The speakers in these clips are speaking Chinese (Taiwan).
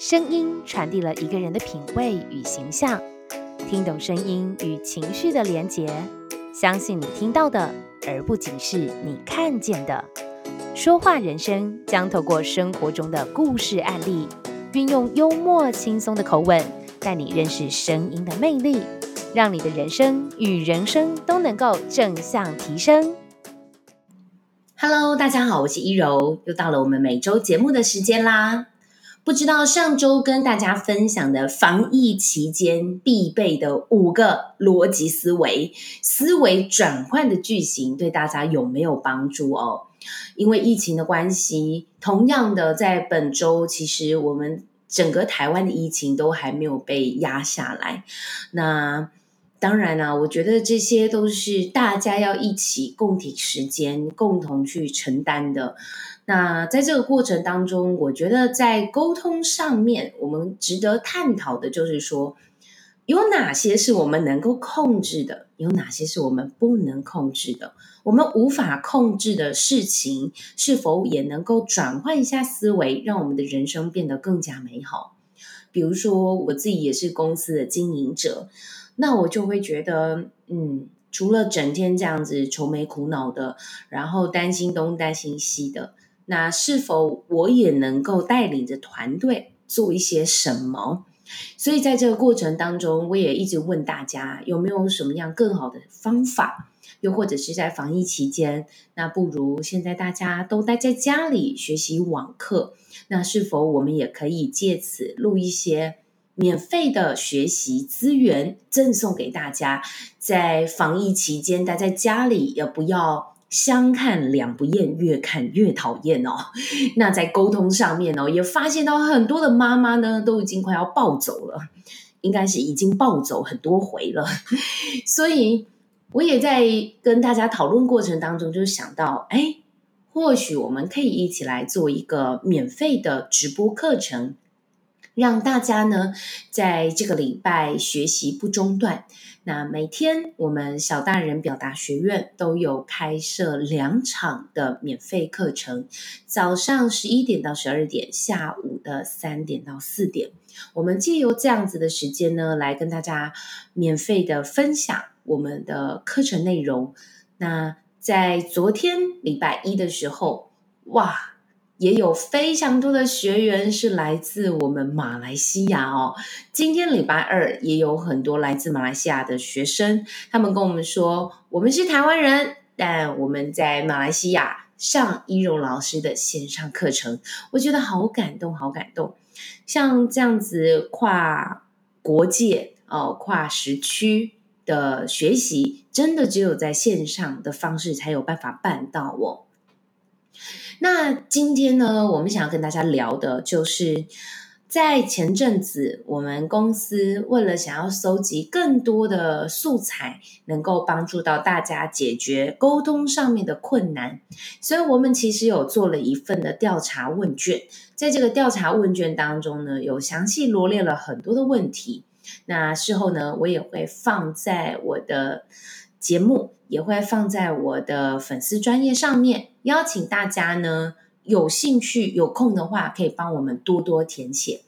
聲音傳遞了一個人的品味與形象，聽懂聲音與情緒的連結，相信你聽到的，而不僅是你看見的。說話人生將透過生活中的故事案例，運用幽默輕鬆的口吻，帶你認識聲音的魅力，讓你的人生與人生都能夠正向提升。Hello，大家好，我是依柔，又到了我們每周節目的時間啦。不知道上週跟大家分享的防疫期間必備的五個邏輯思維思維轉換的句型，對大家有沒有幫助哦？因為疫情的關係，同樣的，在本周其實我們整個台灣的疫情都還沒有被壓下來。那當然啦、啊，我覺得這些都是大家要一起共體時艱，共同去承擔的。那在這個過程當中，我覺得在溝通上面，我們值得探討的就是說，有哪些是我們能夠控制的，有哪些是我們不能控制的？我們無法控制的事情，是否也能夠轉換一下思維，讓我們的人生變得更加美好？比如說，我自己也是公司的經營者，那我就會覺得，嗯，除了整天這樣子愁眉苦惱的，然後擔心東擔心西的。那是否我也能夠帶領着團隊做一些什麼？所以在這個過程當中，我也一直問大家有沒有什麼樣更好的方法，又或者是在防疫期間，那不如現在大家都待在家裡學習網課。那是否我們也可以借此錄一些免費的學習資源贈送給大家，在防疫期間待在家裡也不要。相看兩不厭，越看越討厭哦。那在溝通上面哦，也發現到很多的媽媽呢，都已經快要暴走了，應該是已經暴走很多回了。所以我也在跟大家討論過程當中，就想到，哎，或許我們可以一起來做一個免費的直播課程。讓大家呢，在這個禮拜學習不中斷。那每天我們小大人表達學院都有開設兩場的免費課程，早上十一點到十二點，下午的三點到四點，我們藉由這樣子的時間呢，來跟大家免費的分享我們的課程內容。那在昨天禮拜一的時候，哇！也有非常多的學員是來自我們馬來西亞哦。今天禮拜二也有很多來自馬來西亞的學生，他們跟我們說，我們是台灣人，但我們在馬來西亞上依柔老師的線上課程，我覺得好感動，好感動。像這樣子跨國界、哦、呃、跨時區的學習，真的只有在線上的方式才有辦法辦到哦。那今天呢，我們想要跟大家聊的，就是在前陣子，我們公司為了想要搜集更多的素材，能夠幫助到大家解決溝通上面的困難，所以我們其實有做了一份的調查問卷。在這個調查問卷當中呢，有詳細羅列了很多的問題。那事後呢，我也會放在我的節目。也會放在我的粉絲專頁上面，邀請大家呢，有興趣、有空的話，可以幫我們多多填寫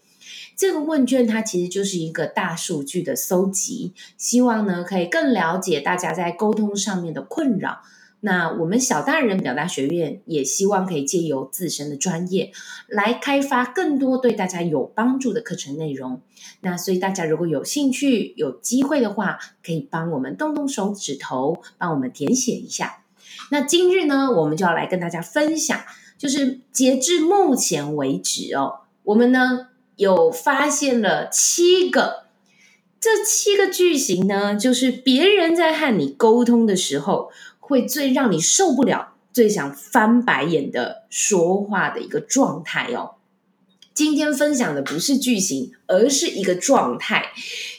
這個問卷。它其實就是一個大數據的搜集，希望呢，可以更了解大家在溝通上面的困擾。那我們小大人表達學院也希望可以借由自身的專業來開發更多對大家有幫助的課程內容。那所以大家如果有興趣、有機會的話，可以幫我們動動手指頭，幫我們填寫一下。那今日呢，我們就要來跟大家分享，就是截至目前為止哦，我們呢有發現了七個，這七個句型呢，就是別人在和你溝通的時候。會最讓你受不了、最想翻白眼的說話的一個狀態哦。今天分享的不是句型，而是一個狀態。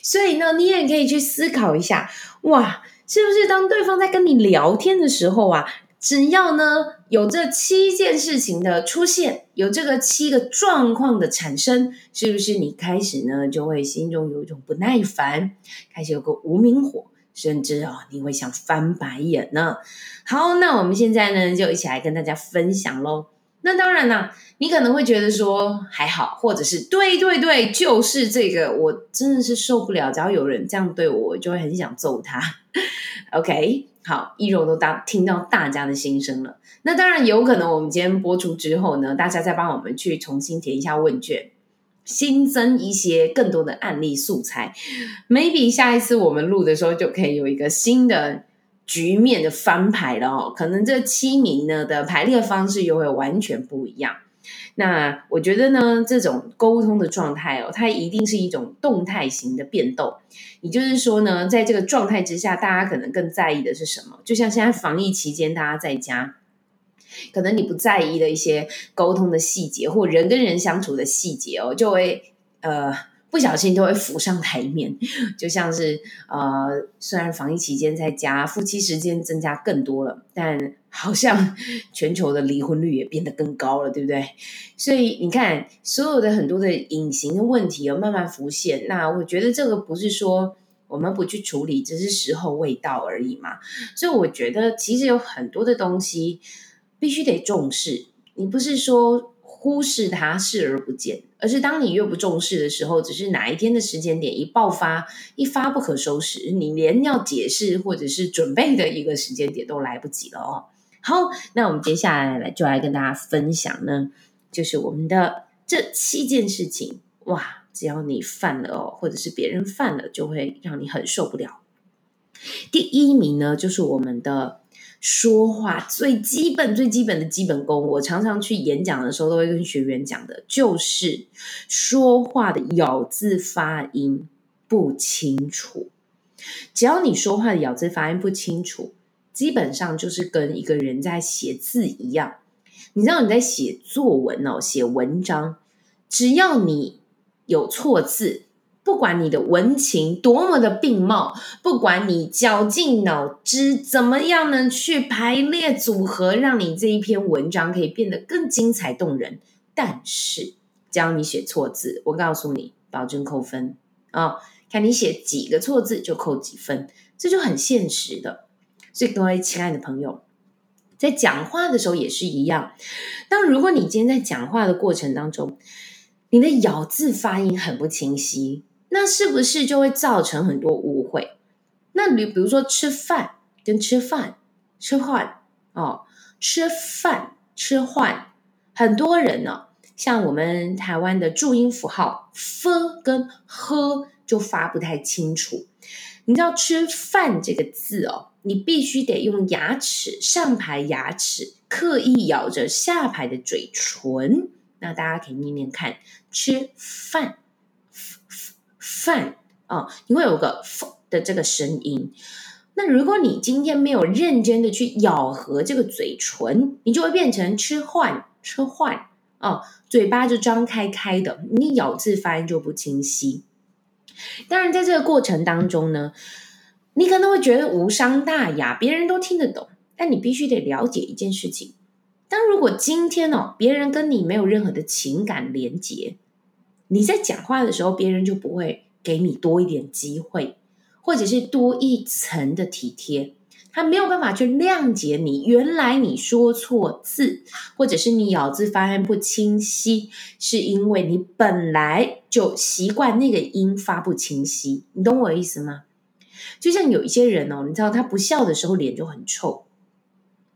所以呢，你也可以去思考一下，哇，是不是當對方在跟你聊天的時候啊，只要呢有這七件事情的出現，有這個七個狀況的產生，是不是你開始呢就會心中有一種不耐煩，開始有個無名火？甚至哦，你會想翻白眼呢、啊。好，那我們現在呢，就一起來跟大家分享嘍。那當然呢，你可能會覺得說還好，或者是對對對，就是這個，我真的是受不了，只要有人這樣對我，我就會很想揍他。OK，好，依柔都當聽到大家的心聲了。那當然有可能，我們今天播出之後呢，大家再幫我們去重新填一下問卷。新增一些更多的案例素材，maybe 下一次我們錄的時候就可以有一個新的局面的翻牌了哦。可能這七名呢的排列方式又會完全不一樣。那我覺得呢，這種溝通的狀態哦，它一定是一種動態型的變動。也就是說呢，在這個狀態之下，大家可能更在意的是什麼？就像現在防疫期間，大家在家。可能你不在意的一些溝通的細節或人跟人相處的細節哦，就會呃不小心就會浮上台面，就像是呃雖然防疫期間在家夫妻時間增加更多了，但好像全球的離婚率也變得更高了，對不對？所以你看，所有的很多的隱形的問題又慢慢浮現。那我覺得這個不是說我們不去處理，只是時候未到而已嘛。所以我覺得其實有很多的東西。必須得重視，你不是說忽視它、視而不見，而是當你越不重視的時候，只是哪一天的時間點一爆發、一發不可收拾，你連要解釋或者是準備的一個時間點都來不及了哦。好，那我們接下來來就來跟大家分享呢，就是我們的這七件事情，哇，只要你犯了哦，或者是別人犯了，就會讓你很受不了。第一名呢，就是我們的說話最基本、最基本的基本功。我常常去演講的時候，都會跟學員講的，就是說話的咬字發音不清楚。只要你說話的咬字發音不清楚，基本上就是跟一個人在寫字一樣。你知道你在寫作文哦，寫文章，只要你有錯字。不管你的文情多麼的並茂，不管你絞盡腦汁怎麼樣能去排列組合，讓你這一篇文章可以變得更精彩動人，但是只要你寫錯字，我告訴你，保證扣分啊！哦！看你寫幾個錯字就扣幾分，這就很現實的。所以各位親愛的朋友，在講話的時候也是一樣。當如果你今天在講話的過程當中，你的咬字發音很不清晰，那是不是就會造成很多誤會？那你比如說吃飯跟吃飯，吃飯哦，吃飯，吃飯，很多人呢、哦，像我們台灣的注音符號“分”跟“喝”就發不太清楚。你知道“吃飯”這個字哦，你必須得用牙齒，上排牙齒，刻意咬着下排的嘴唇。那大家可以念念看，吃飯。飯啊、哦，你會有個 “f” 的這個聲音。那如果你今天沒有認真的去咬合這個嘴唇，你就會變成吃換吃換啊、哦，嘴巴就張開開的，你咬字發音就不清晰。當然，在這個過程當中呢，你可能會覺得無傷大雅，別人都聽得懂。但你必須得了解一件事情。當如果今天哦，別人跟你沒有任何的情感連接，你在講話的時候，別人就不會。給你多一點機會，或者是多一層的體貼，他沒有辦法去諒解你。原來你說錯字，或者是你咬字發音不清晰，是因為你本來就習慣那個音發不清晰。你懂我的意思嗎？就像有一些人哦，你知道他不笑的時候臉就很臭，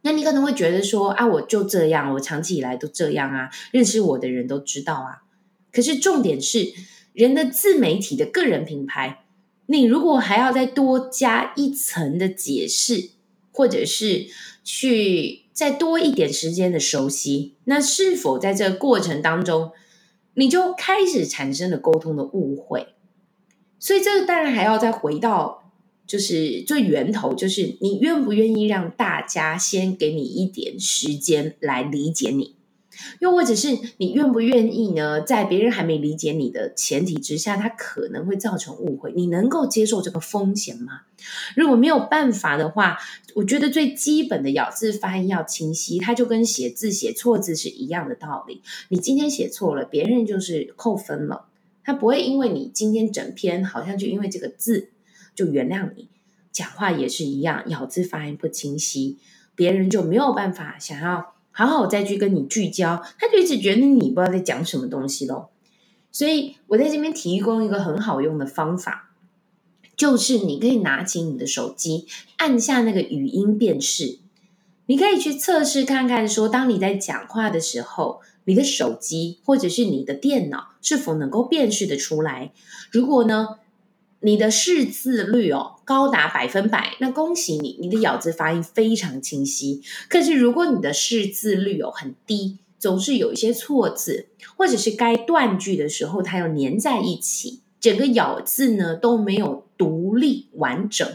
那你可能會覺得說啊，我就這樣，我長期以來都這樣啊，認識我的人都知道啊。可是重點是……人的自媒體的個人品牌，你如果還要再多加一層的解釋，或者是去再多一點時間的熟悉，那是否在這個過程當中，你就開始產生了溝通的誤會？所以這個當然還要再回到，就是最源頭，就是你願不願意讓大家先給你一點時間來理解你。又或者是你願不願意呢？在別人還沒理解你的前提之下，他可能會造成誤會。你能夠接受這個風險嗎？如果沒有辦法的話，我覺得最基本的咬字發音要清晰，它就跟寫字寫錯字是一樣的道理。你今天寫錯了，別人就是扣分了。他不會因為你今天整篇好像就因為這個字就原諒你。講話也是一樣，咬字發音不清晰，別人就沒有辦法想要。好好再去跟你聚焦，他就一直覺得你不知道在講什麼東西咯。所以我在這邊提供一個很好用的方法，就是你可以拿起你的手機，按下那個語音辨識，你可以去測試看看，說當你在講話的時候，你的手機或者是你的電腦是否能夠辨識得出來。如果呢？你的識字率哦高達百分百，那恭喜你，你的咬字發音非常清晰。可是如果你的識字率哦很低，總是有一些錯字，或者是該斷句的時候它要粘在一起，整個咬字呢都沒有獨立完整，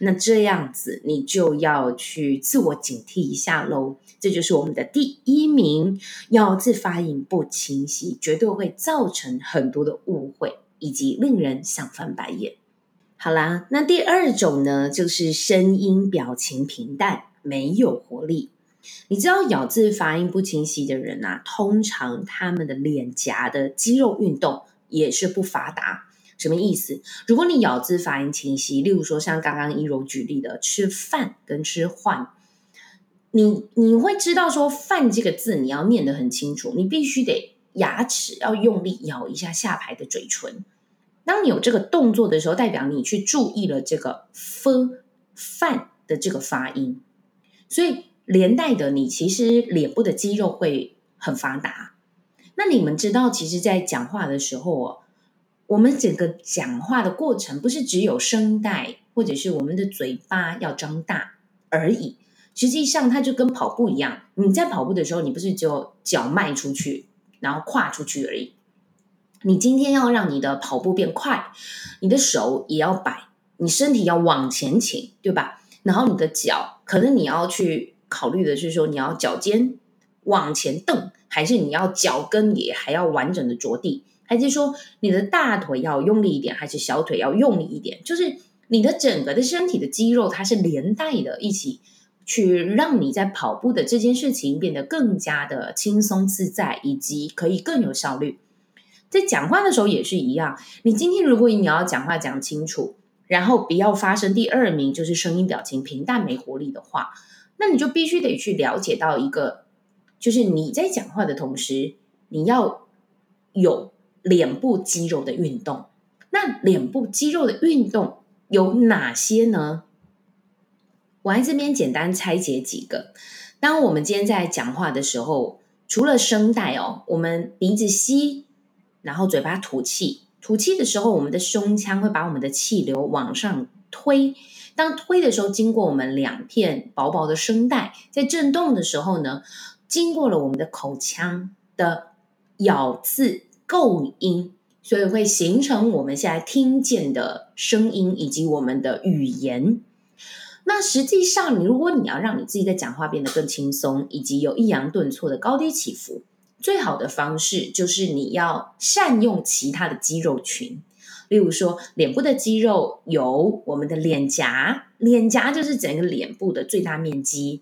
那這樣子你就要去自我警惕一下嘍。這就是我們的第一名，咬字發音不清晰，絕對會造成很多的誤會。以及令人想翻白眼。好啦，那第二種呢，就是聲音表情平淡，沒有活力。你知道咬字發音不清晰的人吶、啊，通常他們的臉頰的肌肉運動也是不發達。什麼意思？如果你咬字發音清晰，例如說像剛剛依柔舉例的吃飯跟吃飯，你你會知道說飯這個字你要念得很清楚，你必須得。牙齒要用力咬一下下排的嘴唇。當你有這個動作的時候，代表你去注意了這個風範的這個發音。所以連帶的你，你其實臉部的肌肉會很發達。那你們知道，其實，在講話的時候哦，我們整個講話的過程不是只有聲帶或者是我們的嘴巴要張大而已。實際上，它就跟跑步一樣，你在跑步的時候，你不是就腳邁出去？然後跨出去而已。你今天要讓你的跑步變快，你的手也要擺，你身體要往前傾，對吧？然後你的腳，可能你要去考慮的是說，你要腳尖往前蹬，還是你要腳跟也還要完整的着地，還是說你的大腿要用力一點，還是小腿要用力一點？就是你的整個的身體的肌肉，它是連帶的一起。去讓你在跑步的這件事情變得更加的輕鬆自在，以及可以更有效率。在講話的時候也是一樣，你今天如果你要講話講清楚，然後不要發生第二名，就是聲音表情平淡沒活力的話，那你就必須得去了解到一個，就是你在講話的同時，你要有臉部肌肉的運動。那臉部肌肉的運動有哪些呢？我來這邊簡單拆解幾個。當我們今天在講話的時候，除了聲帶哦，我們鼻子吸，然後嘴巴吐氣。吐氣的時候，我們的胸腔會把我們的氣流往上推。當推的時候，經過我們兩片薄薄的聲帶在震動的時候呢，經過了我們的口腔的咬字構音，所以會形成我們現在聽見的聲音以及我們的語言。那實際上，你如果你要讓你自己在講話變得更輕鬆，以及有抑揚頓挫的高低起伏，最好的方式就是你要善用其他的肌肉群。例如說，臉部的肌肉有我們的臉頰，臉頰就是整個臉部的最大面積。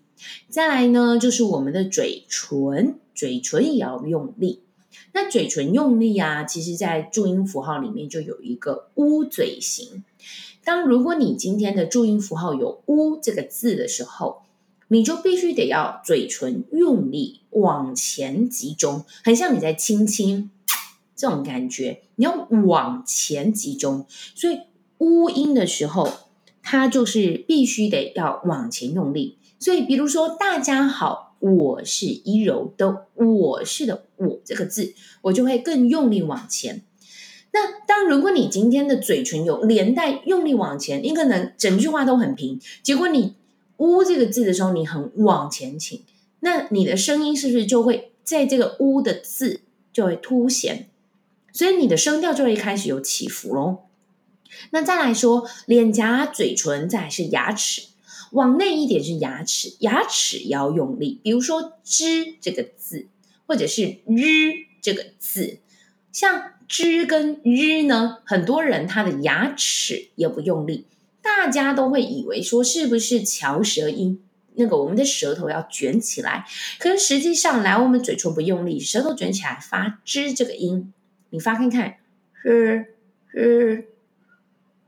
再來呢，就是我們的嘴唇，嘴唇也要用力。那嘴唇用力啊，其實在注音符號裡面就有一個烏嘴型。當如果你今天的注音符號有“嗚”這個字的時候，你就必須得要嘴唇用力往前集中，很像你在親親這種感覺，你要往前集中。所以“嗚”音的時候，它就是必須得要往前用力。所以，比如說“大家好，我是依柔的，我是的，我”這個字，我就會更用力往前。那當如果你今天的嘴唇有連帶用力往前，你可能整句話都很平。結果你“嗚”這個字的時候，你很往前傾，那你的聲音是不是就會在這個“嗚”的字就會凸顯？所以你的聲調就會開始有起伏嘍。那再來說，臉頰、嘴唇，再是牙齒，往內一點是牙齒，牙齒要用力。比如說“知”這個字，或者是“日”這個字，像。知跟日呢，很多人他的牙齒也不用力，大家都會以為說是不是翹舌音？那個我們的舌頭要卷起來，可是實際上來我們嘴唇不用力，舌頭卷起來發知這個音，你發看看，是是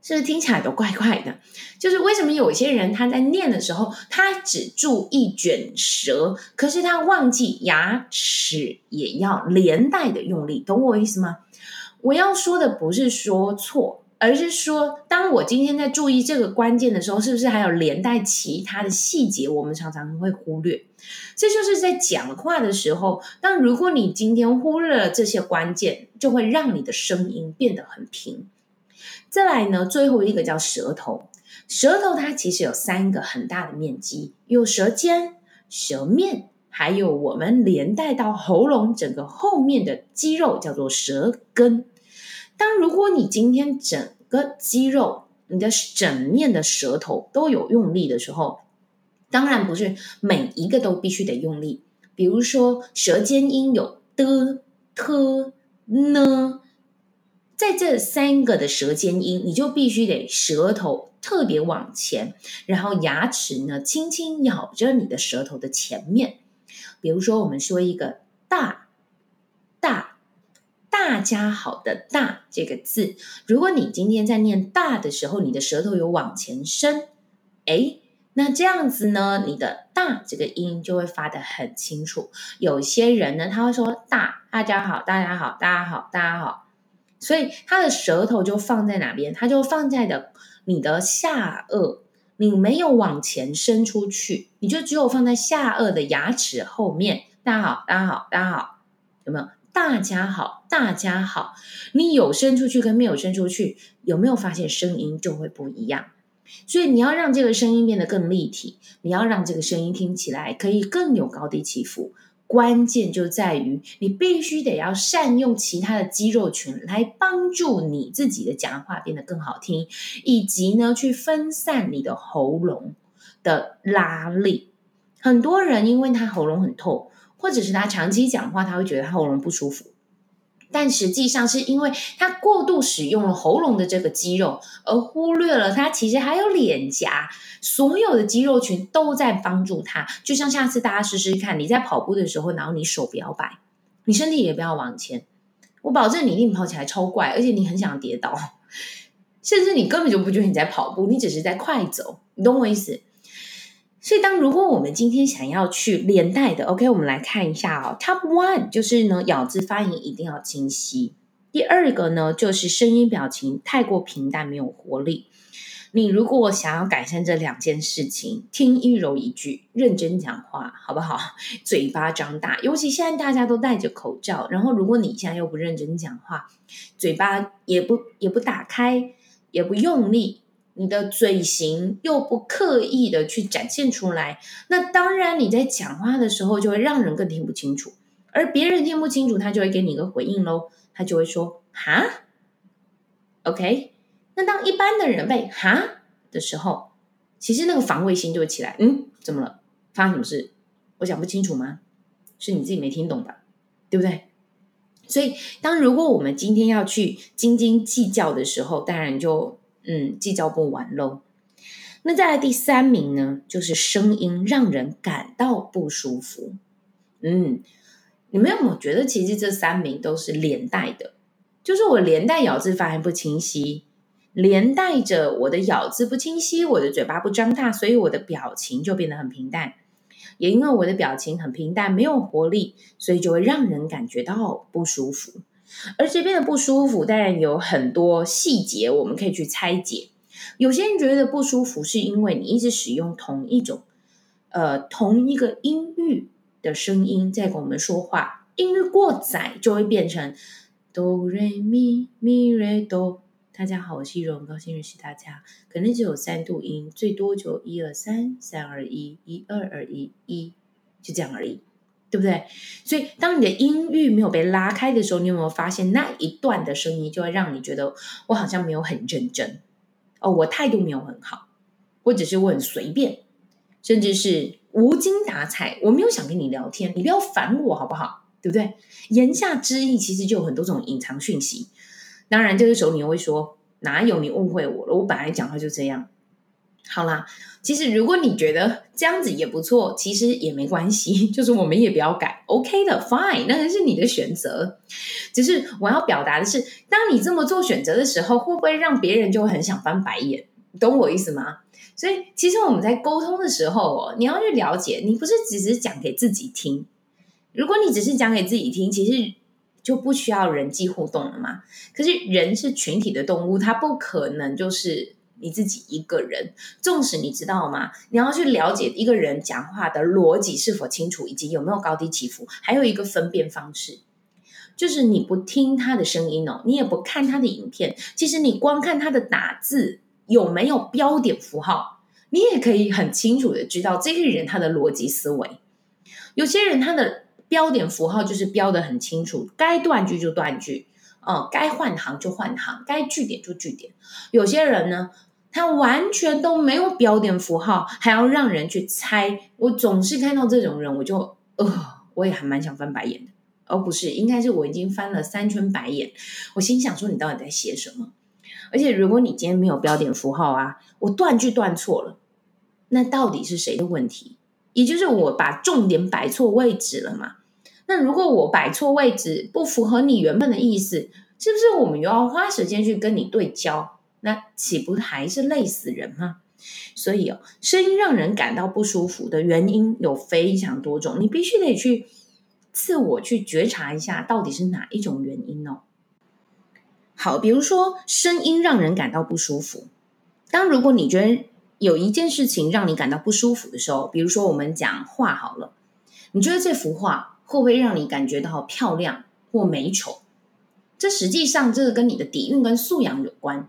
是不是聽起來都怪怪的？就是為什麼有些人他在念的時候，他只注意卷舌，可是他忘記牙齒也要連帶的用力，懂我意思嗎？我要說的不是說錯，而是說，當我今天在注意這個關鍵的時候，是不是還有連帶其他的細節？我們常常會忽略。這就是在講話的時候，但如果你今天忽略了這些關鍵，就會讓你的聲音變得很平。再來呢，最後一個叫舌頭。舌頭它其實有三個很大的面積，有舌尖、舌面，還有我們連帶到喉嚨整個後面的肌肉叫做舌根。當如果你今天整個肌肉、你的整面的舌頭都有用力的時候，當然不是每一個都必須得用力。比如說舌尖音有的、特、呢。在這三個的舌尖音，你就必須得舌頭特別往前，然後牙齒呢輕輕咬着你的舌頭的前面。比如說，我們說一個“大”，“大”，“大家好”的“大”這個字，如果你今天在念“大”的時候，你的舌頭有往前伸，哎，那這樣子呢，你的“大”這個音，音就會發得很清楚。有些人呢，他會說“大，大家好，大家好，大家好，大家好”。所以他的舌頭就放在哪邊？他就放在的你的下顎，你沒有往前伸出去，你就只有放在下顎的牙齒後面。大家好，大家好，大家好，有沒有？大家好，大家好，你有伸出去跟沒有伸出去，有沒有發現聲音就會不一樣？所以你要讓這個聲音變得更立體，你要讓這個聲音聽起來可以更有高低起伏，關鍵就在於，你必須得要善用其他的肌肉群來幫助你自己的講話變得更好聽，以及呢，去分散你的喉嚨的拉力。很多人因為他喉嚨很痛，或者是他長期講話，他會覺得他喉嚨不舒服。但實際上是因為他過度使用了喉嚨的這個肌肉，而忽略了他其實還有臉頰，所有的肌肉群都在幫助他。就像下次大家試試看，你在跑步的時候，然後你手不要擺，你身體也不要往前，我保證你一定跑起來超怪，而且你很想跌倒，甚至你根本就不覺得你在跑步，你只是在快走。你懂我意思？所以，當如果我們今天想要去連帶的，OK，我們來看一下哦。Top one 就是呢，咬字發音一定要清晰。第二個呢，就是聲音表情太過平淡，沒有活力。你如果想要改善這兩件事情，聽依柔一句，認真講話，好不好？嘴巴張大，尤其現在大家都戴着口罩，然後如果你現在又不認真講話，嘴巴也不也不打開，也不用力。你的嘴型又不刻意的去展現出來，那當然你在講話的時候就會讓人更聽不清楚，而別人聽不清楚，他就會給你一個回應嘍，他就會說“哈 ”，OK。那當一般的人被“哈”的時候，其實那個防衛心就會起來，嗯，怎麼了？發生什麼事？我講不清楚嗎？是你自己沒聽懂吧？對不對？所以，當如果我們今天要去斤斤計較的時候，當然就。嗯，計較不完咯。那再來第三名呢，就是聲音讓人感到不舒服。嗯，你們有沒有覺得，其實這三名都是連帶的？就是我連帶咬字發音不清晰，連帶着我的咬字不清晰，我的嘴巴不張大，所以我的表情就變得很平淡。也因為我的表情很平淡，沒有活力，所以就會讓人感覺到不舒服。而這邊的不舒服，當然有很多細節我們可以去拆解。有些人覺得不舒服，是因為你一直使用同一種，呃，同一個音域的聲音在跟我們說話，音域過窄就會變成哆瑞咪咪瑞哆。嗯、大家好，我是依柔，很高興認識大家。可能只有三度音，最多就一二三，三二一，一二二一一，就這樣而已。對不對？所以當你的音域沒有被拉開的時候，你有沒有發現那一段的聲音就會讓你覺得我好像沒有很認真哦，我態度沒有很好，或者是我很隨便，甚至是無精打采，我沒有想跟你聊天，你不要煩我好不好？對不對？言下之意其實就有很多種隱藏訊息。當然這個時候你又會說哪有？你誤會我了，我本來講話就這樣。好啦，其實如果你覺得這樣子也不錯，其實也沒關係，就是我們也不要改，OK 的，Fine，那個是你的選擇。只是我要表達的是，當你這麼做選擇的時候，會不會讓別人就很想翻白眼？懂我意思嗎？所以其實我們在溝通的時候哦，你要去了解，你不是只是講給自己聽。如果你只是講給自己聽，其實就不需要人際互動了嘛。可是人是群體的動物，它不可能就是。你自己一個人，縱使你知道嗎？你要去了解，一個人講話的邏輯是否清楚，以及有沒有高低起伏。還有一個分辨方式，就是你不聽他的聲音哦，你也不看他的影片，其實你光看他的打字有沒有標點符號，你也可以很清楚的知道這個人他的邏輯思維。有些人他的標點符號就是標的很清楚，該斷句就斷句，哦、呃，該換行就換行，該句點就句點。有些人呢，他完全都沒有標點符號，還要讓人去猜。我總是看到這種人，我就呃，我也還蠻想翻白眼的。而、哦、不是，應該是我已經翻了三圈白眼。我心想說，你到底在寫什麼？而且，如果你今天沒有標點符號啊，我斷句斷錯了，那到底是誰的問題？也就是我把重點擺錯位置了嘛？那如果我擺錯位置不符合你原本的意思，是不是我們又要花時間去跟你對焦？那豈不還是累死人嗎？所以哦，聲音讓人感到不舒服的原因有非常多種，你必須得去自我去覺察一下，到底是哪一種原因哦。好，比如說聲音讓人感到不舒服。當如果你覺得有一件事情讓你感到不舒服的時候，比如說我們講話好了，你覺得這幅畫會不會讓你感覺到漂亮或美醜？這實際上這個跟你的底蘊跟素養有關。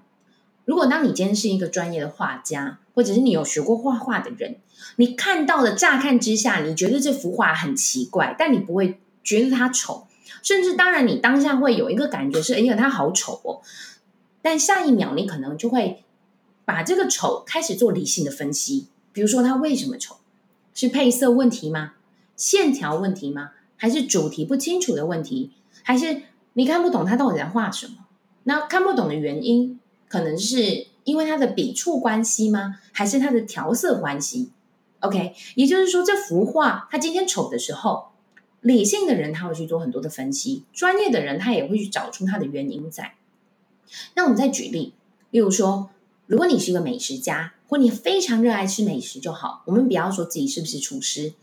如果當你今天是一個專業的畫家，或者是你有學過畫畫的人，你看到的乍看之下，你覺得這幅畫很奇怪，但你不會覺得它醜，甚至當然你當下會有一個感覺是：哎呀，它好醜哦！但下一秒你可能就會把這個醜開始做理性的分析，比如說它為什麼醜？是配色問題嗎？線條問題嗎？還是主題不清楚的問題？還是你看不懂它到底在畫什麼？那看不懂的原因，可能是因為它的筆觸關係嗎？還是它的調色關係？OK，也就是說這，這幅畫它今天醜的時候，理性的人他會去做很多的分析，專業的人他也會去找出它的原因在。那我們再舉例，例如說，如果你是一個美食家，或你非常熱愛吃美食就好，我們不要說自己是不是廚師。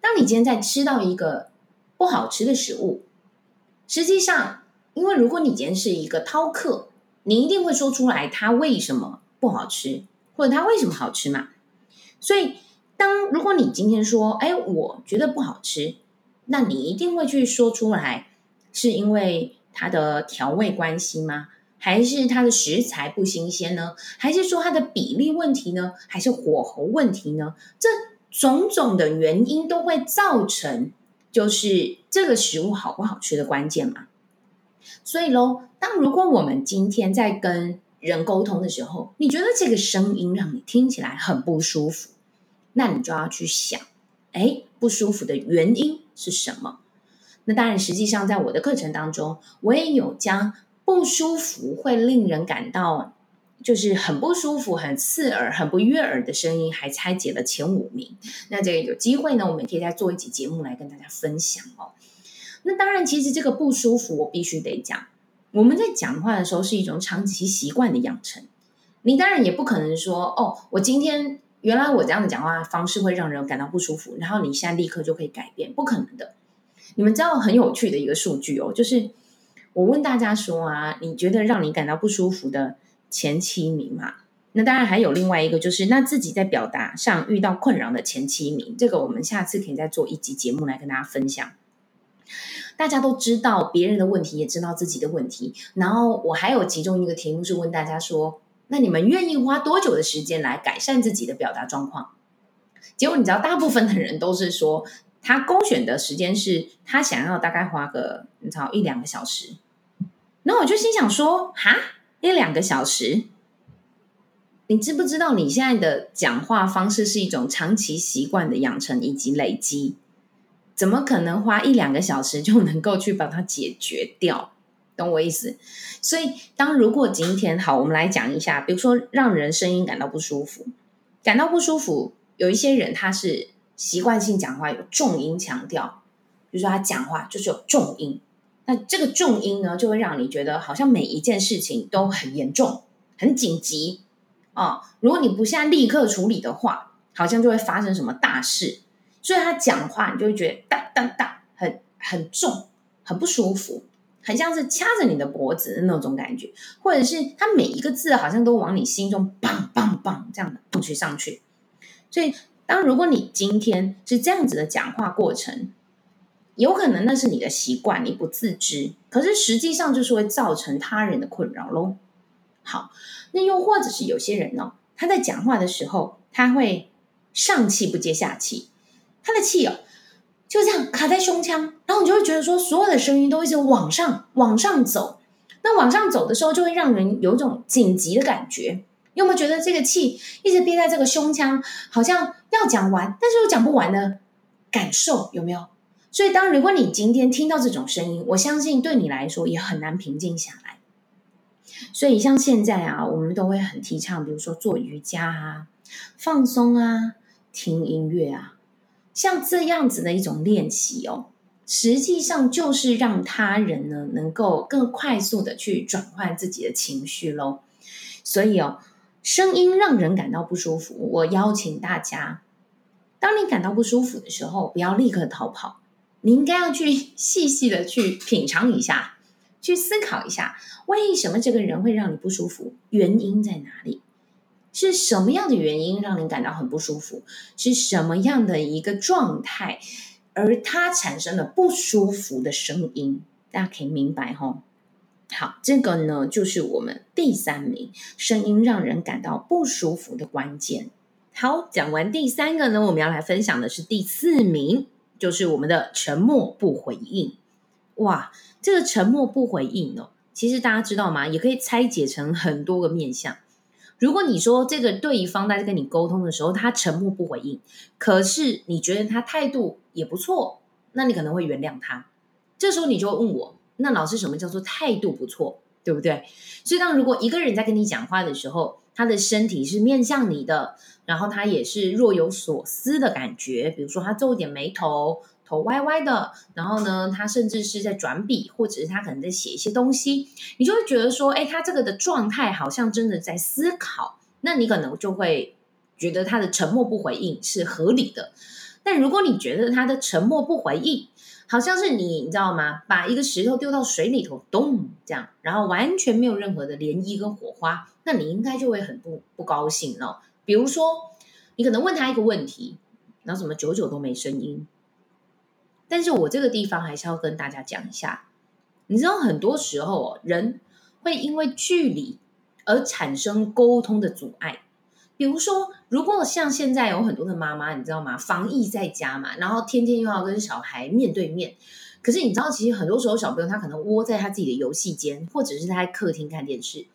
當你今天在吃到一個不好吃的食物，實際上，因為如果你今天是一個饕客。你一定會說出來，它為什麼不好吃，或者它為什麼好吃嘛？所以當，當如果你今天說“哎，我覺得不好吃”，那你一定會去說出來，是因為它的調味關係嗎？還是它的食材不新鮮呢？還是說它的比例問題呢？還是火候問題呢？這種種的原因都會造成，就是這個食物好不好吃的關鍵嘛。所以嘍，當如果我們今天在跟人溝通的時候，你覺得這個聲音讓你聽起來很不舒服，那你就要去想，哎，不舒服的原因是什麼？那當然，實際上在我的課程當中，我也有將不舒服會令人感到就是很不舒服、很刺耳、很不悅耳的聲音，還拆解了前五名。那這個有機會呢，我們也可以再做一期節目來跟大家分享哦。那當然，其實這個不舒服，我必須得講。我們在講話的時候是一種長期習慣的養成。你當然也不可能說，哦，我今天原來我這樣的講話方式會讓人感到不舒服，然後你現在立刻就可以改變，不可能的。你們知道很有趣的一個數據哦，就是我問大家說啊，你覺得讓你感到不舒服的前七名嘛？那當然還有另外一個，就是那自己在表達上遇到困擾的前七名。這個我們下次可以再做一集節目來跟大家分享。大家都知道別人的問題，也知道自己的問題。然後我還有其中一個題目是問大家說：“那你們願意花多久的時間來改善自己的表達狀況？”結果你知道，大部分的人都是說他勾選的時間是他想要大概花個，你知道一兩個小時。然後我就心想說：“哈，一兩個小時，你知不知道你現在的講話方式是一種長期習慣的養成以及累積？”怎麼可能花一兩個小時就能夠去把它解決掉？懂我意思？所以，當如果今天好，我們來講一下，比如說讓人聲音感到不舒服，感到不舒服，有一些人他是習慣性講話有重音強調，比如說他講話就是有重音，那這個重音呢，就會讓你覺得好像每一件事情都很嚴重、很緊急哦，如果你不下立刻處理的話，好像就會發生什麼大事。所以他講話，你就會覺得噠噠噠，很很重，很不舒服，很像是掐着你的脖子的那種感覺，或者是他每一個字好像都往你心中棒棒棒這樣的上去上去。所以，當如果你今天是這樣子的講話過程，有可能那是你的習慣，你不自知，可是實際上就是會造成他人的困擾嘍。好，那又或者是有些人呢、哦，他在講話的時候，他會上氣不接下氣。他的氣哦，就這樣卡在胸腔，然後你就會覺得說，所有的聲音都一直往上、往上走。那往上走的時候，就會讓人有一種緊急的感覺。你有沒有覺得這個氣一直憋在這個胸腔，好像要講完，但是又講不完的感受？有沒有？所以，當然如果你今天聽到這種聲音，我相信對你來說也很難平靜下來。所以，像現在啊，我們都會很提倡，比如說做瑜伽啊、放鬆啊、聽音樂啊。像這樣子的一種練習哦，實際上就是讓他人呢能夠更快速的去轉換自己的情緒咯。所以哦，聲音讓人感到不舒服，我邀請大家，當你感到不舒服的時候，不要立刻逃跑，你應該要去細細的去品嘗一下，去思考一下，為什麼這個人會讓你不舒服，原因在哪裡？是什麼樣的原因讓你感到很不舒服？是什麼樣的一個狀態，而它產生了不舒服的聲音？大家可以明白吼、哦、好，這個呢就是我們第三名，聲音讓人感到不舒服的關鍵。好，講完第三個呢，我們要來分享的是第四名，就是我們的沉默不回應。哇，這個沉默不回應哦，其實大家知道嗎？也可以拆解成很多個面向。如果你說這個對方在跟你溝通的時候，他沉默不回應，可是你覺得他態度也不錯，那你可能會原諒他。這時候你就會問我，那老師什麼叫做態度不錯，對不對？所以當如果一個人在跟你講話的時候，他的身體是面向你的，然後他也是若有所思的感覺，比如說他皺一點眉頭。頭歪歪的，然後呢，他甚至是在轉筆，或者是他可能在寫一些東西，你就會覺得說，哎，他這個的狀態好像真的在思考。那你可能就會覺得他的沉默不回應是合理的。但如果你覺得他的沉默不回應，好像是你，你知道嗎？把一個石頭丟到水裡頭，咚這樣，然後完全沒有任何的漣漪跟火花，那你應該就會很不不高興了。比如說，你可能問他一個問題，然後怎麼，久久都沒聲音。但是我這個地方還是要跟大家講一下，你知道很多時候人會因為距離而產生溝通的阻礙。比如說，如果像現在有很多的媽媽，你知道嗎？防疫在家嘛，然後天天又要跟小孩面對面。可是你知道，其實很多時候小朋友他可能窩在他自己的遊戲間，或者是他在客廳看電視。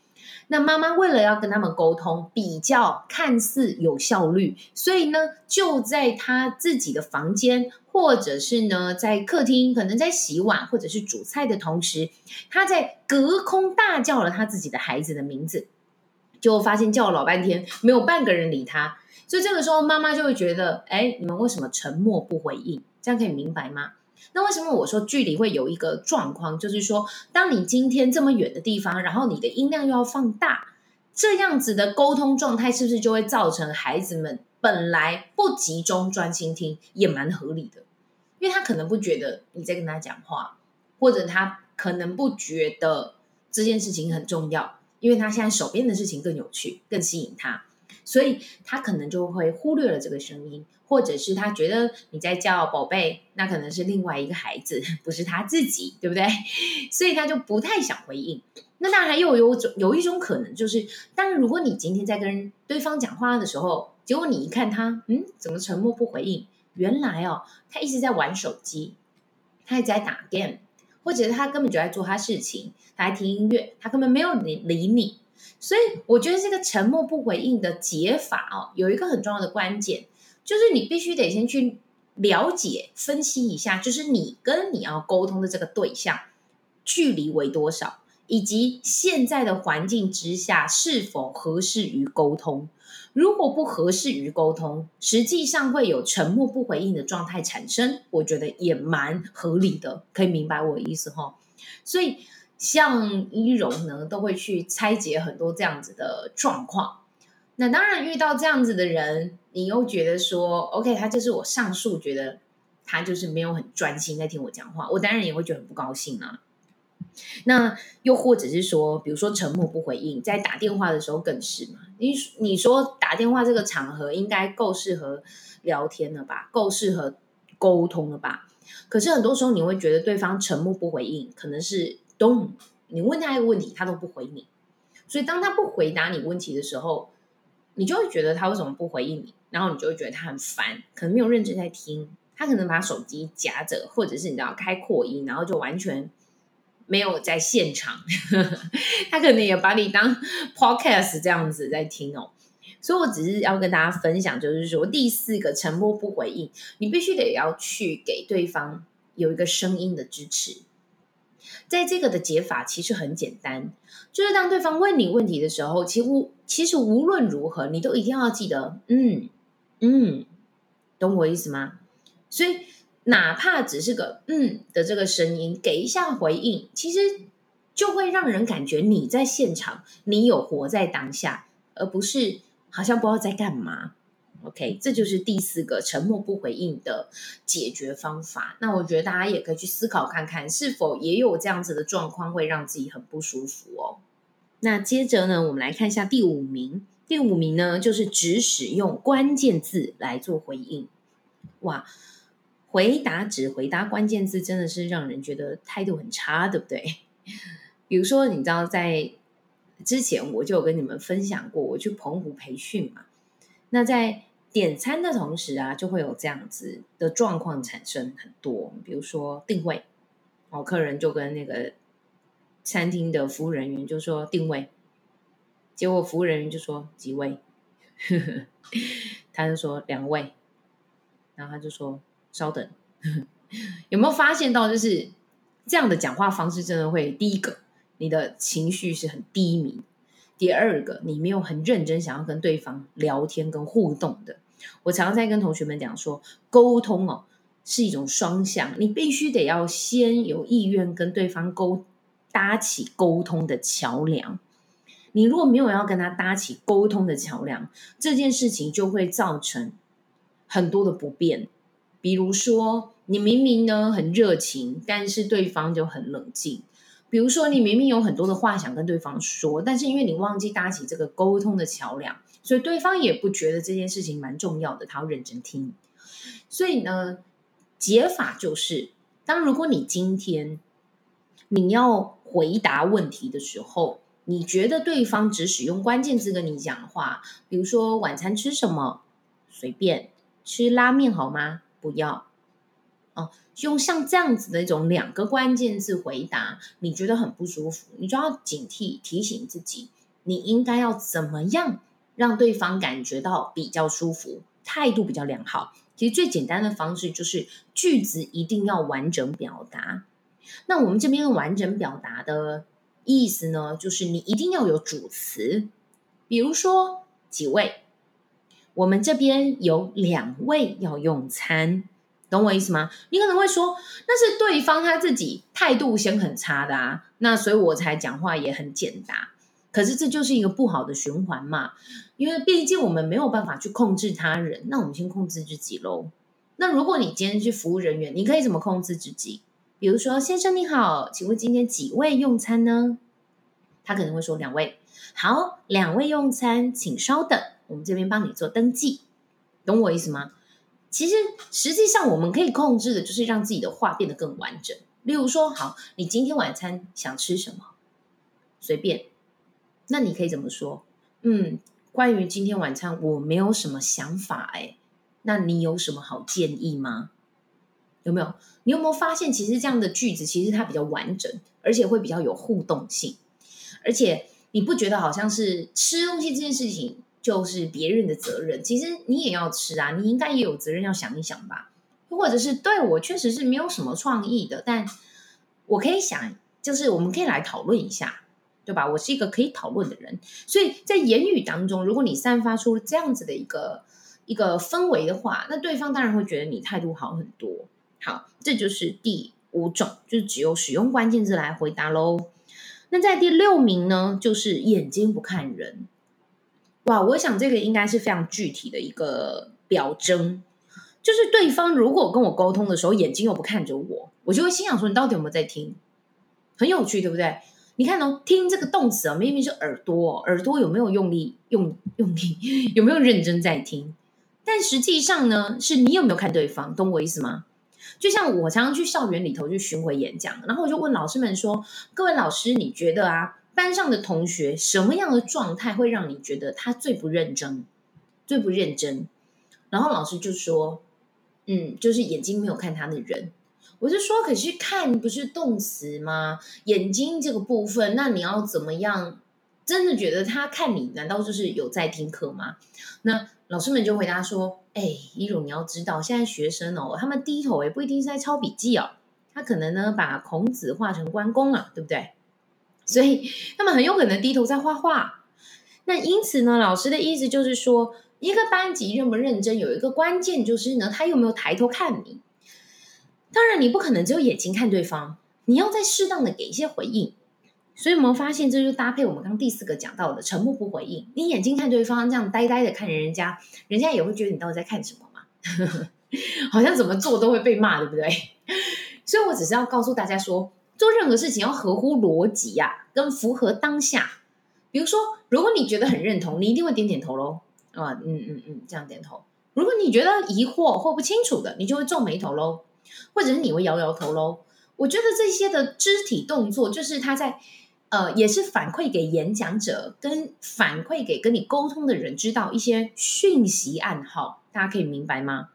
那媽媽為了要跟他們溝通，比較看似有效率，所以呢，就在他自己的房間。或者是呢，在客廳可能在洗碗或者是煮菜的同時，他在隔空大叫了他自己的孩子的名字，就發現叫了老半天沒有半個人理他，所以這個時候媽媽就會覺得，哎，你們為什麼沉默不回應？這樣可以明白嗎？那為什麼我說距離會有一個狀況，就是說，當你今天這麼遠的地方，然後你的音量又要放大，這樣子的溝通狀態是不是就會造成孩子們本來不集中專心聽，也蠻合理的？因為他可能不覺得你在跟他講話，或者他可能不覺得這件事情很重要，因為他現在手邊的事情更有趣、更吸引他，所以他可能就會忽略了這個聲音，或者是他覺得你在叫寶貝，那可能是另外一個孩子，不是他自己，對不對？所以他就不太想回應。那當然還有種有，有一種可能，就是，當然如果你今天在跟對方講話的時候，結果你一看他，嗯，怎麼沉默不回應？原來哦，他一直在玩手機，他一直在打 game，或者是他根本就在做他事情，他在聽音樂，他根本沒有理理你。所以我覺得這個沉默不回應的解法哦，有一個很重要的關鍵，就是你必須得先去了解、分析一下，就是你跟你要、啊、溝通的這個對象距離為多少。以及現在的環境之下是否合適於溝通？如果不合適於溝通，實際上會有沉默不回應的狀態產生。我覺得也蠻合理的，可以明白我的意思哈。所以像依柔呢，都會去拆解很多這樣子的狀況。那當然遇到這樣子的人，你又覺得說，OK，他就是我上述覺得他就是沒有很專心在聽我講話，我當然也會覺得很不高興啊。那又或者是說，比如說沉默不回應，在打電話的時候更是嘛。你你說打電話這個場合應該夠適合聊天了吧，夠適合溝通了吧？可是很多時候你會覺得對方沉默不回應，可能是咚。你問他一個問題，他都不回應你。所以當他不回答你問題的時候，你就會覺得他為什麼不回應你，然後你就會覺得他很煩，可能沒有認真在聽，他可能把手機夾着，或者是你知道開擴音，然後就完全。沒有在現場呵呵，他可能也把你當 podcast 這樣子在聽哦，所以我只是要跟大家分享，就是說第四個沉默不回應，你必須得要去給對方有一個聲音的支持。在這個的解法其實很簡單，就是當對方問你問題的時候，其實其實無論如何，你都一定要記得，嗯嗯，懂我意思嗎？所以。哪怕只是個“嗯”的這個聲音，給一下回應，其實就會讓人感覺你在現場，你有活在當下，而不是好像不知道在幹嘛。OK，這就是第四個沉默不回應的解決方法。那我覺得大家也可以去思考看看，是否也有這樣子的狀況會讓自己很不舒服哦。那接着呢，我們來看一下第五名。第五名呢，就是只使用關鍵字來做回應。哇！回答只回答關鍵字，真的是讓人覺得態度很差，對不對？比如說，你知道在之前我就有跟你們分享過，我去澎湖培訓嘛。那在點餐的同時啊，就會有這樣子的狀況產生很多，比如說定位哦，客人就跟那個餐廳的服務人員就說定位，結果服務人員就說幾位， 他就說兩位，然後他就說。稍等，呵呵，有沒有發現到，就是這樣的講話方式，真的會第一個，你的情緒是很低迷；第二個，你沒有很認真想要跟對方聊天跟互動的。我常常在跟同學們講說，溝通哦是一種雙向，你必須得要先有意願跟對方溝搭起溝通的橋梁。你如果沒有要跟他搭起溝通的橋梁，這件事情就會造成很多的不便。比如說，你明明呢很熱情，但是對方就很冷靜。比如說，你明明有很多的話想跟對方說，但是因為你忘記搭起這個溝通的橋樑，所以對方也不覺得這件事情蠻重要的，他要認真聽。所以呢，解法就是，當如果你今天你要回答問題的時候，你覺得對方只使用關鍵字跟你講話，比如說，晚餐吃什麼？隨便。吃拉面好嗎？不要，哦，用像這樣子的一種兩個關鍵字回答，你覺得很不舒服，你就要警惕，提醒自己，你應該要怎麼樣讓對方感覺到比較舒服，態度比較良好。其實最簡單的方式就是句子一定要完整表達。那我們這邊完整表達的意思呢，就是你一定要有主詞，比如說幾位。我們這邊有兩位要用餐，懂我意思嗎？你可能會說，那是對方他自己態度先很差的啊，那所以我才講話也很簡單。可是這就是一個不好的循環嘛，因為畢竟我們沒有辦法去控制他人，那我們先控制自己嘍。那如果你今天是服務人員，你可以怎麼控制自己？比如說，先生你好，請問今天幾位用餐呢？他可能會說兩位。好，兩位用餐，請稍等。我們這邊幫你做登記，懂我意思嗎？其實實際上我們可以控制的，就是讓自己的話變得更完整。例如說，好，你今天晚餐想吃什麼？隨便。那你可以怎麼說？嗯，關於今天晚餐，我沒有什麼想法。哎，那你有什麼好建議嗎？有沒有？你有沒有發現，其實這樣的句子其實它比較完整，而且會比較有互動性，而且你不覺得好像是吃東西這件事情？就是別人的責任，其實你也要吃啊，你應該也有責任要想一想吧，又或者是對我確實是沒有什麼創意的，但我可以想，就是我們可以來討論一下，對吧？我是一個可以討論的人，所以在言語當中，如果你散發出這樣子的一個一個氛圍的話，那對方當然會覺得你態度好很多。好，這就是第五種，就只有使用關鍵字來回答嘍。那在第六名呢，就是眼睛不看人。哇，我想這個應該是非常具體的一個表徵，就是對方如果跟我溝通的時候，眼睛又不看着我，我就會心想說你到底有沒有在聽？很有趣，對不對？你看哦，聽這個動詞啊，明明是耳朵哦，耳朵有沒有用力用用力，有沒有認真在聽？但實際上呢，是你有沒有看對方，懂我意思嗎？就像我常常去校園裡頭去巡迴演講，然後我就問老師們說：各位老師，你覺得啊？班上的同學，什麼樣的狀態會讓你覺得他最不認真？最不認真。然後老師就說：“嗯，就是眼睛沒有看他的人。”我就說：“可是看不是動詞嗎？眼睛這個部分，那你要怎麼樣？真的覺得他看你，難道就是有在聽課嗎？”那老師們就回答說：“哎，依柔，你要知道，現在學生哦，他們低頭也不一定是在抄筆記哦，他可能呢把孔子畫成關公啊，對不對？”所以，他們很有可能低頭在畫畫。那因此呢，老師的意思就是說，一個班級認不認真，有一個關鍵就是呢，他有沒有抬頭看你。當然，你不可能只有眼睛看對方，你要再適當的給一些回應。所以，我們發現這就搭配我們剛剛第四個講到的沉默不回應。你眼睛看對方，這樣呆呆的看着人家，人家也會覺得你到底在看什麼嗎？ 好像怎麼做都會被罵，對不對？所以，我只是要告訴大家說。做任何事情要合乎邏輯呀、啊，跟符合當下。比如說，如果你覺得很認同，你一定會點點頭嘍。啊，嗯嗯嗯，這樣點頭。如果你覺得疑惑或不清楚的，你就會皺眉頭嘍，或者是你會搖搖頭嘍。我覺得這些的肢體動作就是他在，呃，也是反饋給演講者跟反饋給跟你溝通的人，知道一些訊息暗號。大家可以明白嗎？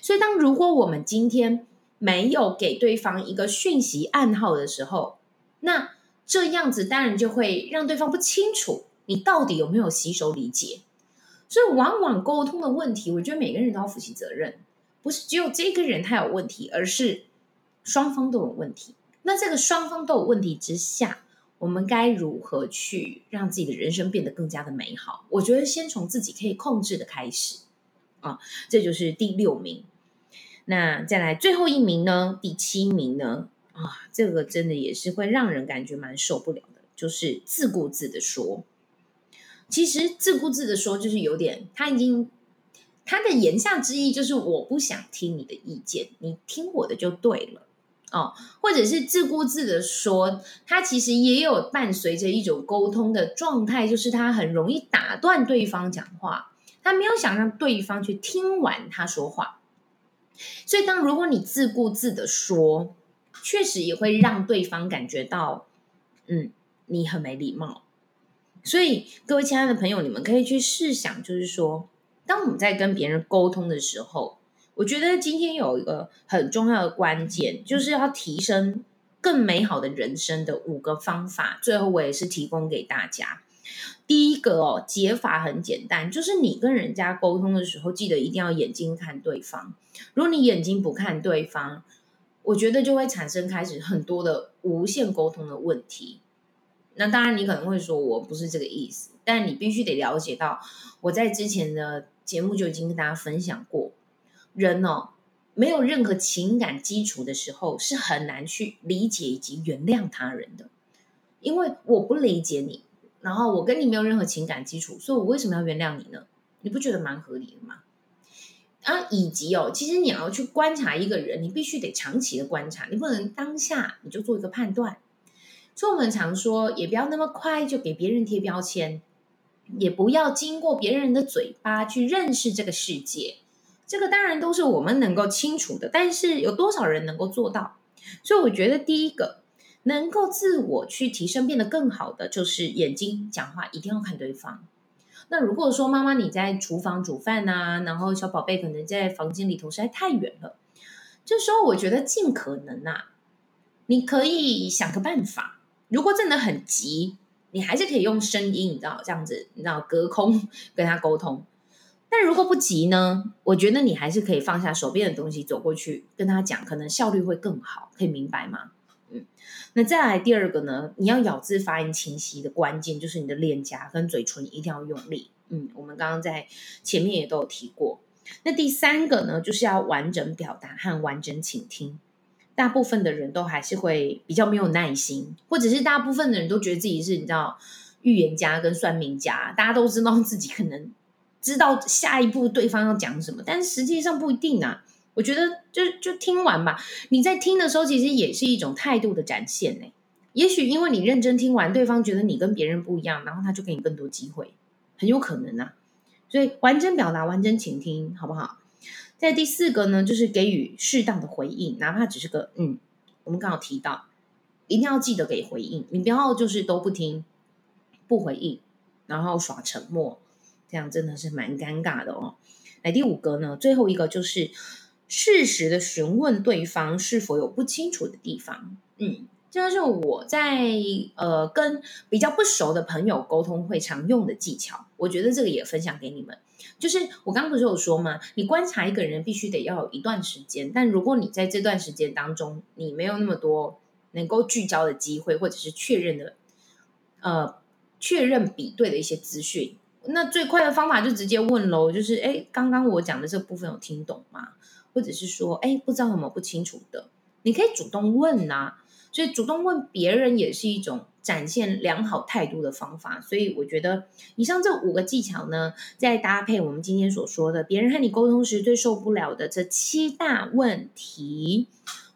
所以，當如果我們今天，沒有給對方一個訊息暗號的時候，那這樣子當然就會讓對方不清楚你到底有沒有吸收理解，所以往往溝通的問題，我覺得每個人都要負起責任，不是只有這個人他有問題，而是雙方都有問題。那這個雙方都有問題之下，我們該如何去讓自己的人生變得更加的美好？我覺得先從自己可以控制的開始啊，這就是第六名。那再來最後一名呢？第七名呢？啊，這個真的也是會讓人感覺蠻受不了的，就是自顧自的說。其實自顧自的說，就是有點，他已經他的言下之意就是我不想聽你的意見，你聽我的就對了哦。或者是自顧自的說，他其實也有伴隨着一種溝通的狀態，就是他很容易打斷對方講話，他沒有想讓對方去聽完他說話。所以，當如果你自顧自的說，確實也會讓對方感覺到，嗯，你很沒禮貌。所以，各位親愛的朋友，你們可以去試想，就是說，當我們在跟別人溝通的時候，我覺得今天有一個很重要的關鍵，就是要提升更美好的人生的五個方法。最後，我也是提供給大家。第一個哦，解法很簡單，就是你跟人家溝通的時候，記得一定要眼睛看對方。如果你眼睛不看對方，我覺得就會產生開始很多的無限溝通的問題。那當然，你可能會說我不是這個意思，但你必須得了解到，我在之前的節目就已經跟大家分享過，人哦沒有任何情感基礎的時候，是很難去理解以及原諒他人的，因為我不理解你。然後我跟你沒有任何情感基礎，所以我為什麼要原諒你呢？你不覺得蠻合理的嗎？啊，以及哦，其實你要去觀察一個人，你必須得長期的觀察，你不能當下你就做一個判斷。所以我們常說，也不要那麼快就給別人貼標籤，也不要經過別人的嘴巴去認識這個世界。這個當然都是我們能夠清楚的，但是有多少人能夠做到？所以我覺得第一個，能夠自我去提升變得更好的，就是眼睛講話一定要看對方。那如果說，媽媽你在廚房煮飯吶，然後小寶貝可能在房間裡頭，實在太遠了，這時候我覺得盡可能吶，你可以想個辦法。如果真的很急，你還是可以用聲音，你知道這樣子，你知道隔空跟他溝通。但如果不急呢，我覺得你還是可以放下手邊的東西走過去跟他講，可能效率會更好，可以明白嗎？嗯，那再來第二個呢，你要咬字發音清晰的關鍵就是你的臉頰跟嘴唇一定要用力。嗯，我們剛剛在前面也都有提過。那第三個呢，就是要完整表達和完整傾聽。大部分的人都還是會比較沒有耐心，或者是大部分的人都覺得自己是你知道預言家跟算命家，大家都知道自己可能知道下一步對方要講什麼，但實際上不一定啊。我覺得就就聽完吧。你在聽的時候，其實也是一種態度的展現呢、欸。也許因為你認真聽完，對方覺得你跟別人不一樣，然後他就給你更多機會，很有可能啊。所以，完整表達，完整傾聽，好不好？在第四個呢，就是給予適當的回應，哪怕只是個“嗯”。我們剛好提到，一定要記得給回應，你不要就是都不聽，不回應，然後耍沉默，這樣真的是蠻尷尬的哦。來第五個呢，最後一個就是。適時的詢問對方是否有不清楚的地方，嗯，這個是我在呃跟比較不熟的朋友溝通會常用的技巧，我覺得這個也分享給你們。就是我剛剛不是有說嗎？你觀察一個人必須得要有一段時間，但如果你在這段時間當中，你沒有那麼多能夠聚焦的機會，或者是確認的呃確認比對的一些資訊，那最快的方法就直接問嘍。就是誒，剛剛我講的這部分有聽懂嗎？或者是說，哎、欸，不知道有沒有不清楚的，你可以主動問吶、啊，所以主動問別人也是一種展現良好態度的方法。所以我覺得以上這五個技巧呢，再搭配我們今天所說的別人和你溝通時最受不了的這七大問題，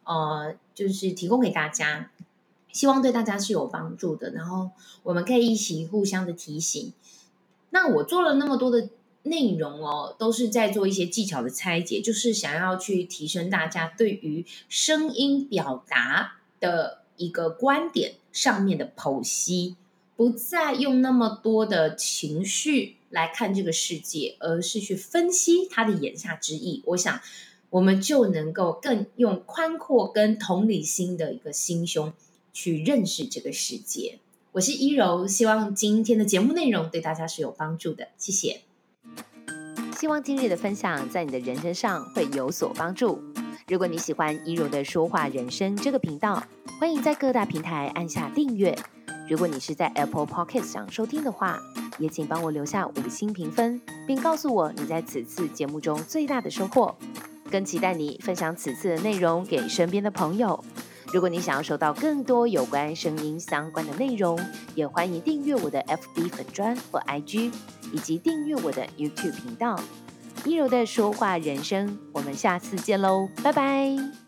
呃，就是提供給大家，希望對大家是有幫助的。然後我們可以一起互相的提醒。那我做了那麼多的。內容哦，都是在做一些技巧的拆解，就是想要去提升大家對於聲音表達的一個觀點上面的剖析，不再用那麼多的情緒來看這個世界，而是去分析他的言下之意。我想，我們就能夠更用寬闊跟同理心的一個心胸去認識這個世界。我是依柔，希望今天的節目內容對大家是有幫助的，謝謝。希望今日的分享在你的人生上會有所幫助。如果你喜歡依柔的說話人生這個頻道，歡迎在各大平台按下訂閱。如果你是在 Apple Podcast 想收聽的話，也請幫我留下五星評分，並告訴我你在此次節目中最大的收穫。更期待你分享此次的內容給身邊的朋友。如果你想要收到更多有關聲音相關的內容，也歡迎訂閱我的 FB 粉專或 IG。以及訂閱我的 YouTube 頻道“依柔的說話人生”，我們下次見嘍，拜拜。